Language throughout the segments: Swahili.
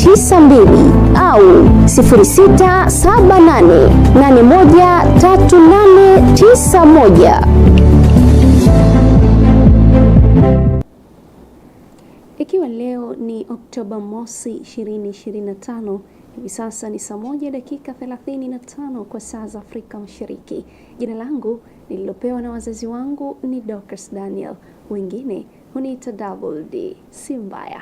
92 au 0678813891. Ikiwa leo ni Oktoba mosi 2025, hivi sasa ni saa moja dakika 35 kwa saa za Afrika Mashariki. Jina langu nililopewa na wazazi wangu ni Dorcas Daniel, wengine huniita Double D, si mbaya.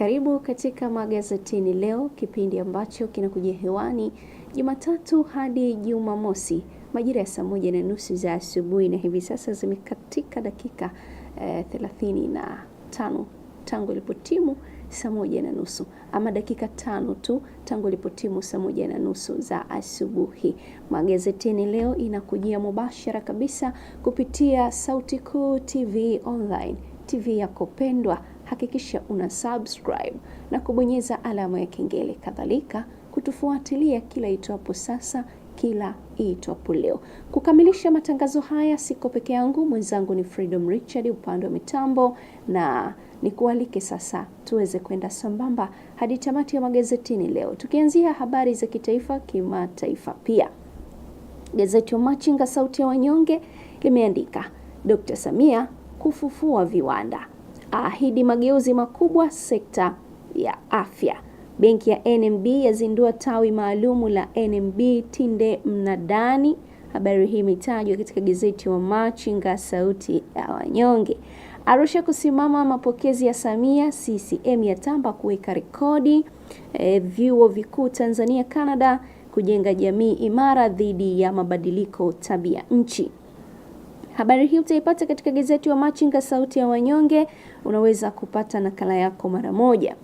Karibu katika magazetini leo, kipindi ambacho kinakujia hewani Jumatatu hadi Jumamosi majira ya saa moja na nusu za asubuhi, na hivi sasa zimekatika dakika eh, thelathini na tano tangu ilipotimu saa moja na nusu ama dakika tano tu tangu ilipotimu saa moja na nusu za asubuhi. Magazetini leo inakujia mubashara kabisa kupitia Sauti Kuu TV Online, TV yako pendwa hakikisha una subscribe na kubonyeza alama ya kengele, kadhalika kutufuatilia kila itwapo sasa kila itwapo leo. Kukamilisha matangazo haya siko peke yangu, mwenzangu ni Freedom Richard upande wa mitambo, na nikualike sasa tuweze kwenda sambamba hadi tamati ya magazetini leo, tukianzia habari za kitaifa, kimataifa. Pia gazeti Machinga, sauti ya wanyonge, limeandika Dr. Samia kufufua viwanda ahidi mageuzi makubwa sekta ya afya. Benki ya NMB yazindua tawi maalumu la NMB Tinde Mnadani. Habari hii imetajwa katika gazeti wa Machinga, sauti ya wanyonge. Arusha kusimama mapokezi ya Samia. CCM yatamba kuweka rekodi. E, vyuo vikuu Tanzania Canada kujenga jamii imara dhidi ya mabadiliko tabia nchi. Habari hii utaipata katika gazeti wa Machinga, sauti ya wanyonge. Unaweza kupata nakala yako mara moja.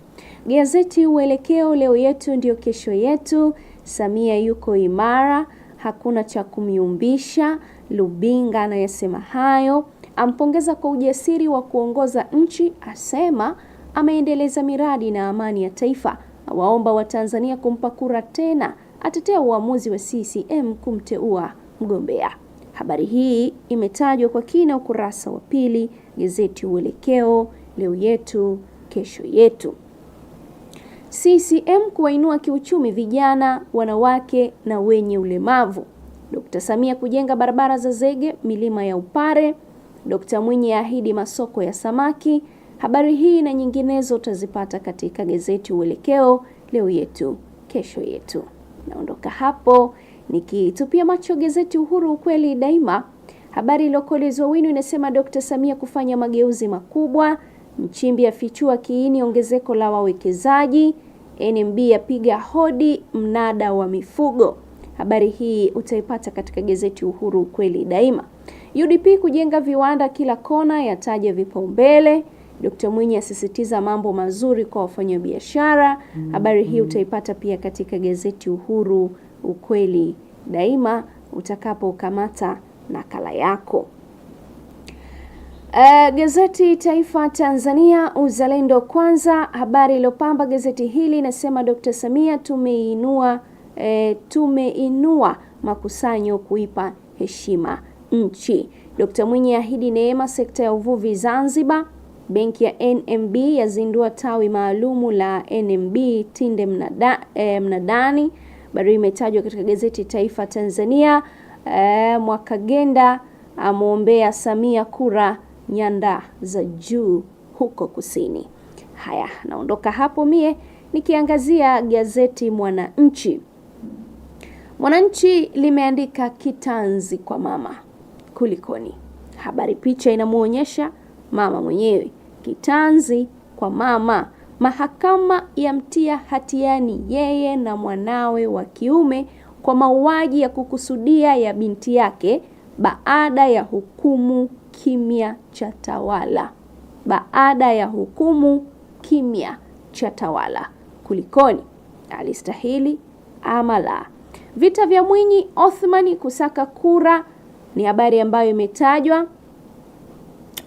Gazeti Uelekeo, leo yetu ndiyo kesho yetu. Samia yuko imara, hakuna cha kumyumbisha. Lubinga anayesema hayo, ampongeza kwa ujasiri wa kuongoza nchi, asema ameendeleza miradi na amani ya taifa, awaomba Watanzania kumpa kura tena, atetea uamuzi wa CCM kumteua mgombea. Habari hii imetajwa kwa kina ukurasa wa pili gazeti Uelekeo, leo yetu kesho yetu. CCM kuwainua kiuchumi vijana, wanawake na wenye ulemavu. Dkt. Samia kujenga barabara za zege milima ya Upare. Dkt. Mwinyi ahidi masoko ya samaki. Habari hii na nyinginezo utazipata katika gazeti Uelekeo, leo yetu kesho yetu. Naondoka hapo. Nikitupia macho gazeti Uhuru, ukweli daima, habari iliyokolezwa wino inasema Dkt. Samia kufanya mageuzi makubwa, Mchimbi afichua kiini ongezeko la wawekezaji, NMB yapiga hodi mnada wa mifugo. Habari hii utaipata katika gazeti Uhuru, ukweli daima. UDP kujenga viwanda kila kona, yataja vipaumbele Dkt. Mwinyi asisitiza mambo mazuri kwa wafanyabiashara. Mm-hmm. Habari hii utaipata pia katika gazeti Uhuru ukweli daima utakapokamata nakala yako. Uh, gazeti Taifa Tanzania Uzalendo Kwanza, habari iliyopamba gazeti hili inasema Dr. Samia tumeinua eh, tumeinua makusanyo kuipa heshima nchi. Dr. Mwinyi ahidi neema sekta ya uvuvi Zanzibar. Benki ya NMB yazindua tawi maalumu la NMB Tinde mnada, eh, mnadani Habari hii imetajwa katika gazeti Taifa Tanzania. E, eh, Mwakagenda amwombea Samia kura nyanda za juu huko kusini. Haya, naondoka hapo mie nikiangazia gazeti Mwananchi. Mwananchi limeandika kitanzi kwa mama kulikoni. Habari picha inamwonyesha mama mwenyewe, kitanzi kwa mama Mahakama yamtia hatiani yeye na mwanawe wa kiume kwa mauaji ya kukusudia ya binti yake baada ya hukumu kimya cha tawala. Baada ya hukumu kimya cha tawala. Kulikoni? Alistahili ama la? Vita vya Mwinyi Othmani kusaka kura ni habari ambayo imetajwa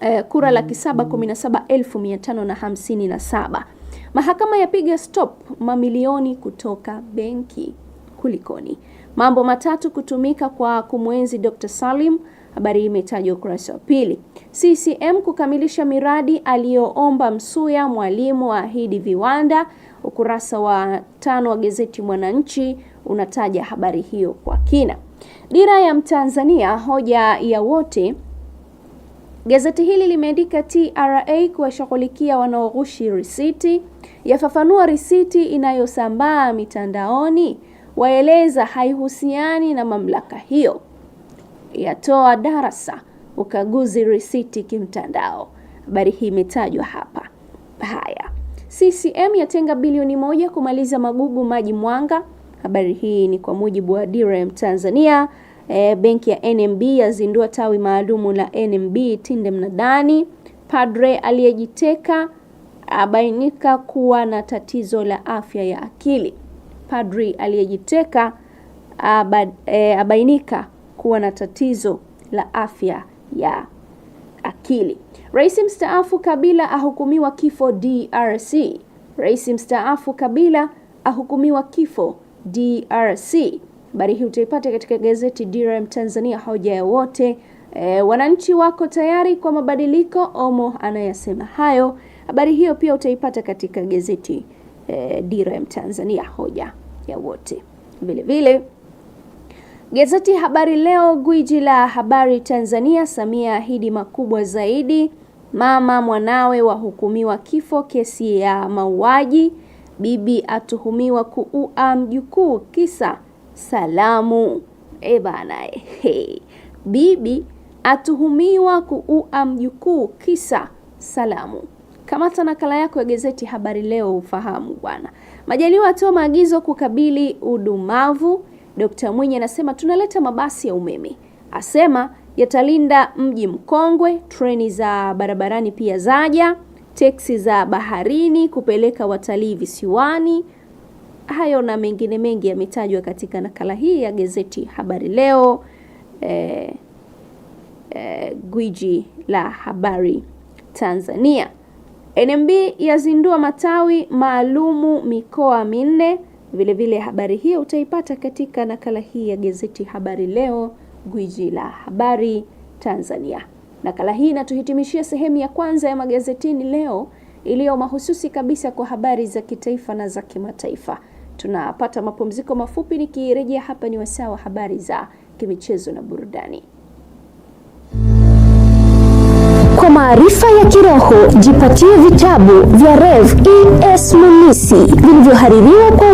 eh, kura laki saba kumi na saba elfu mia tano na hamsini na saba. Mahakama yapiga stop mamilioni kutoka benki. Kulikoni? Mambo matatu kutumika kwa kumwenzi Dr. Salim. Habari hii imetajwa ukurasa wa pili. CCM kukamilisha miradi aliyoomba Msuya, Mwalimu ahidi viwanda. Ukurasa wa tano wa gazeti Mwananchi unataja habari hiyo kwa kina. Dira ya Mtanzania, hoja ya wote Gazeti hili limeandika TRA kuwashughulikia wanaoghushi risiti, yafafanua risiti inayosambaa mitandaoni, waeleza haihusiani na mamlaka hiyo, yatoa darasa ukaguzi risiti kimtandao. Habari hii imetajwa hapa. Haya, CCM yatenga bilioni moja kumaliza magugu maji Mwanga. Habari hii ni kwa mujibu wa DRM Tanzania. E, benki ya NMB yazindua tawi maalumu la NMB Tinde Mnadani. Padre aliyejiteka abainika kuwa na tatizo la afya ya akili. Padri aliyejiteka eh, abainika kuwa na tatizo la afya ya akili. Rais mstaafu Kabila ahukumiwa kifo DRC. Rais mstaafu Kabila ahukumiwa kifo DRC. Habari hii utaipata katika gazeti DRM Tanzania, hoja ya wote. E, wananchi wako tayari kwa mabadiliko, Omo anayasema hayo. Habari hiyo pia utaipata katika gazeti e, DRM Tanzania, hoja ya wote. vile gazeti Habari Leo, gwiji la habari Tanzania, Samia ahidi makubwa zaidi. Mama mwanawe wahukumiwa kifo kesi ya mauaji. Bibi atuhumiwa kuua mjukuu kisa salamu. E bana, hey. Eh, bibi atuhumiwa kuua mjukuu kisa salamu. Kamata nakala yako ya gazeti Habari Leo ufahamu bwana. Majaliwa atoa maagizo kukabili udumavu. Dkt Mwinyi anasema tunaleta mabasi ya umeme, asema yatalinda mji mkongwe. Treni za barabarani pia zaja, teksi za baharini kupeleka watalii visiwani. Hayo na mengine mengi yametajwa katika nakala hii ya gazeti Habari Leo, eh, eh, gwiji la habari Tanzania. NMB yazindua matawi maalumu mikoa minne. Vilevile habari hii utaipata katika nakala hii ya gazeti Habari Leo, gwiji la habari Tanzania. Nakala hii inatuhitimishia sehemu ya kwanza ya magazetini leo iliyo mahususi kabisa kwa habari za kitaifa na za kimataifa tunapata mapumziko mafupi. Nikirejea hapa ni wasaa wa habari za kimichezo na burudani. Kwa maarifa ya kiroho jipatie vitabu vya Rev E S Munisi vilivyohaririwa kwa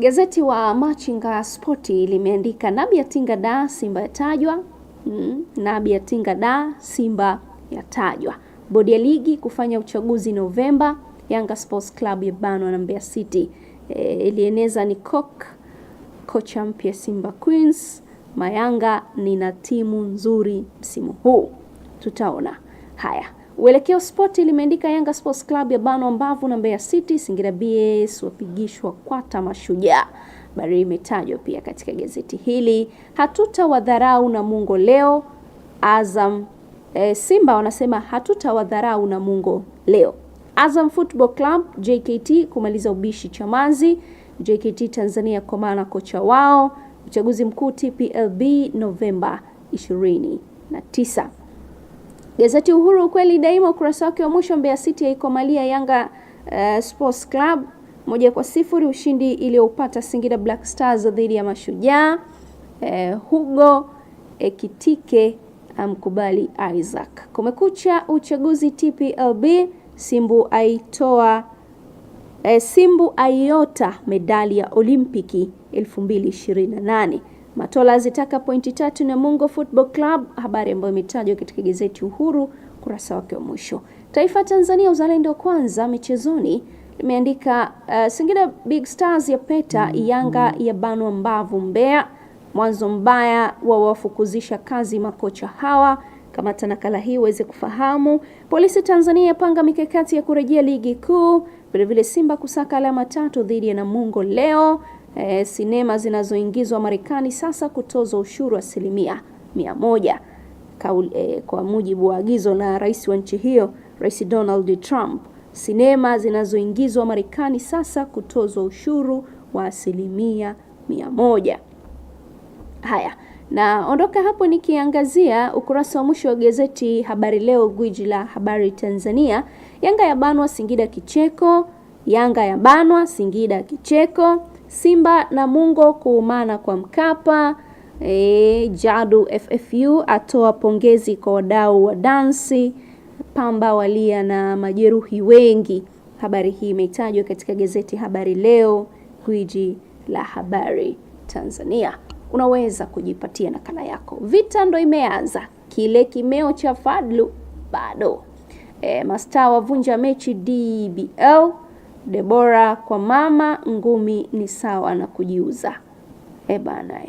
Gazeti wa Machinga Spoti limeandika Nabi tinga da Simba yatajwa. Mm, Nabi ya tinga da Simba yatajwa. Bodi ya ligi kufanya uchaguzi Novemba. Yanga Sports Club yabanwa na Mbeya City. E, ilieneza ni cok kocha mpya Simba Queens. Mayanga nina timu nzuri msimu huu, tutaona haya. Uelekeo Spoti limeandika Yanga Sports Club ya bano mbavu na Mbeya City, Singida BS wapigishwa kwata mashujaa. Habari imetajwa pia katika gazeti hili. hatuta wadharau na mungo leo. Azam e, Simba wanasema na mungo leo. Azam Football Club JKT kumaliza ubishi Chamazi. JKT Tanzania kwa maana kocha wao. Uchaguzi mkuu TPLB Novemba 29. Gazeti Uhuru ukweli daima, ukurasa wake wa mwisho, Mbeya City yaikomalia Yanga uh, Sports Club moja kwa sifuri, ushindi iliyoupata Singida Black Stars dhidi ya Mashujaa. Uh, Hugo Ekitike amkubali Isaac. Kumekucha uchaguzi TPLB, Simbu aitoa eh, Simbu aiota medali ya Olimpiki 2028. Matola azitaka pointi tatu na Mungo Football Club, habari ambayo imetajwa katika gazeti Uhuru kurasa wake wa mwisho. Taifa Tanzania uzalendo kwanza michezoni limeandika uh, Singida Big Stars ya peta Yanga ya banwa mbavu Mbeya, mwanzo mbaya wa wafukuzisha kazi makocha hawa. Kamata nakala hii uweze kufahamu. Polisi Tanzania yapanga mikakati ya kurejea ligi kuu. Vilevile Simba kusaka alama tatu dhidi ya Namungo leo e, sinema zinazoingizwa Marekani sasa kutozwa ushuru asilimia mia moja e, kwa mujibu wa agizo la rais wa nchi hiyo, Rais Donald Trump. Sinema zinazoingizwa Marekani sasa kutozwa ushuru wa asilimia mia moja. Haya, naondoka hapo nikiangazia ukurasa wa mwisho wa gazeti Habari Leo, gwiji la habari Tanzania. Yanga ya banwa Singida kicheko. Yanga ya banwa Singida kicheko. Simba na mungo kuumana kwa Mkapa. E, Jadu FFU atoa pongezi kwa wadau wa dansi. Pamba walia na majeruhi wengi. Habari hii imetajwa katika gazeti Habari Leo, gwiji la habari Tanzania. Unaweza kujipatia nakala yako. Vita ndo imeanza, kile kimeo cha Fadlu bado. E, mastaa wavunja mechi DBL. Debora, kwa mama ngumi ni sawa na kujiuza. E bana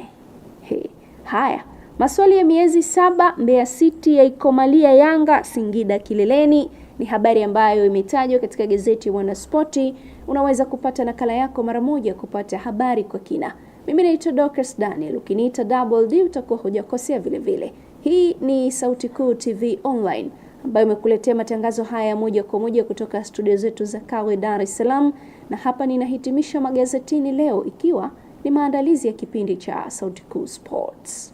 he. Haya, maswali ya miezi saba Mbeya City yaikomalia Yanga Singida kileleni ni habari ambayo imetajwa katika gazeti Mwanaspoti. Unaweza kupata nakala yako mara moja kupata habari kwa kina. Mimi naitwa Dorcas Daniel, ukiniita Double D utakuwa hujakosea vile vile. Hii ni Sauti Kuu TV Online ambayo imekuletea matangazo haya moja kwa moja kutoka studio zetu za Kawe, Dar es Salaam. Na hapa ninahitimisha magazetini leo, ikiwa ni maandalizi ya kipindi cha Sauti Kuu Sports.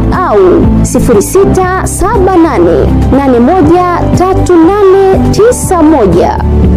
au 0678813891. Moja, tatu, nane, tisa, moja.